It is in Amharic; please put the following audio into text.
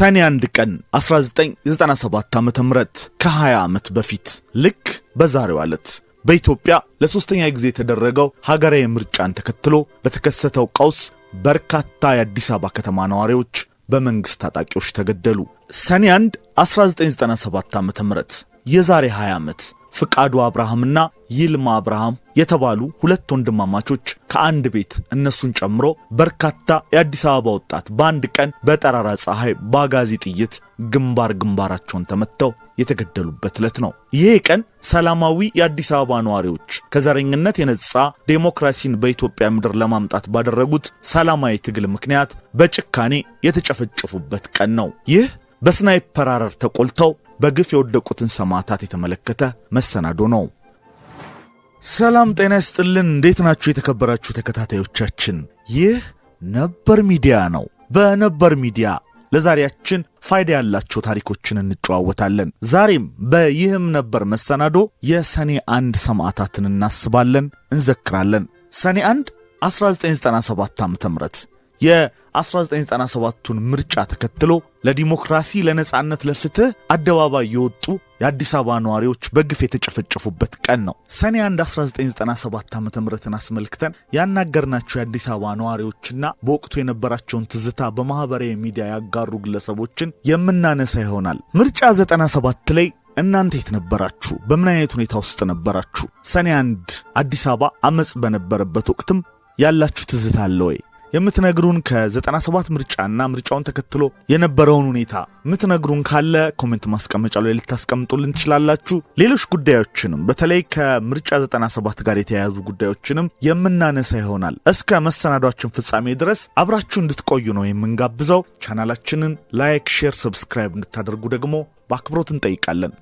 ሰኔ አንድ ቀን 1997 ዓ.ም ከ20 ዓመት በፊት ልክ በዛሬው ዕለት በኢትዮጵያ ለሶስተኛ ጊዜ የተደረገው ሀገራዊ ምርጫን ተከትሎ በተከሰተው ቀውስ በርካታ የአዲስ አበባ ከተማ ነዋሪዎች በመንግስት ታጣቂዎች ተገደሉ። ሰኔ 1 1997 ዓ.ም የዛሬ 20 ዓመት ፍቃዱ አብርሃምና ይልማ አብርሃም የተባሉ ሁለት ወንድማማቾች ከአንድ ቤት እነሱን ጨምሮ በርካታ የአዲስ አበባ ወጣት በአንድ ቀን በጠራራ ፀሐይ በአጋዚ ጥይት ግንባር ግንባራቸውን ተመትተው የተገደሉበት ዕለት ነው። ይሄ ቀን ሰላማዊ የአዲስ አበባ ነዋሪዎች ከዘረኝነት የነጻ ዴሞክራሲን በኢትዮጵያ ምድር ለማምጣት ባደረጉት ሰላማዊ ትግል ምክንያት በጭካኔ የተጨፈጨፉበት ቀን ነው። ይህ በስናይፐር አረር ተቆልተው በግፍ የወደቁትን ሰማዕታት የተመለከተ መሰናዶ ነው። ሰላም ጤና ይስጥልን። እንዴት ናችሁ? የተከበራችሁ ተከታታዮቻችን፣ ይህ ነበር ሚዲያ ነው። በነበር ሚዲያ ለዛሬያችን ፋይዳ ያላቸው ታሪኮችን እንጨዋወታለን። ዛሬም በይህም ነበር መሰናዶ የሰኔ አንድ ሰማዕታትን እናስባለን፣ እንዘክራለን። ሰኔ አንድ 1997 ም የ1997ቱን ምርጫ ተከትሎ ለዲሞክራሲ፣ ለነፃነት፣ ለፍትህ አደባባይ የወጡ የአዲስ አበባ ነዋሪዎች በግፍ የተጨፈጨፉበት ቀን ነው። ሰኔ 1 1997 ዓ ምትን አስመልክተን ያናገርናቸው የአዲስ አበባ ነዋሪዎችና በወቅቱ የነበራቸውን ትዝታ በማኅበራዊ ሚዲያ ያጋሩ ግለሰቦችን የምናነሳ ይሆናል። ምርጫ 97 ላይ እናንተ የት ነበራችሁ? በምን አይነት ሁኔታ ውስጥ ነበራችሁ? ሰኔ አንድ አዲስ አበባ አመፅ በነበረበት ወቅትም ያላችሁ ትዝታ አለ ወይ? የምትነግሩን ከ97 ምርጫና ምርጫውን ተከትሎ የነበረውን ሁኔታ የምትነግሩን ካለ ኮሜንት ማስቀመጫ ላይ ልታስቀምጡልን ትችላላችሁ። ሌሎች ጉዳዮችንም በተለይ ከምርጫ 97 ጋር የተያያዙ ጉዳዮችንም የምናነሳ ይሆናል። እስከ መሰናዷችን ፍጻሜ ድረስ አብራችሁ እንድትቆዩ ነው የምንጋብዘው። ቻናላችንን ላይክ፣ ሼር፣ ሰብስክራይብ እንድታደርጉ ደግሞ በአክብሮት እንጠይቃለን።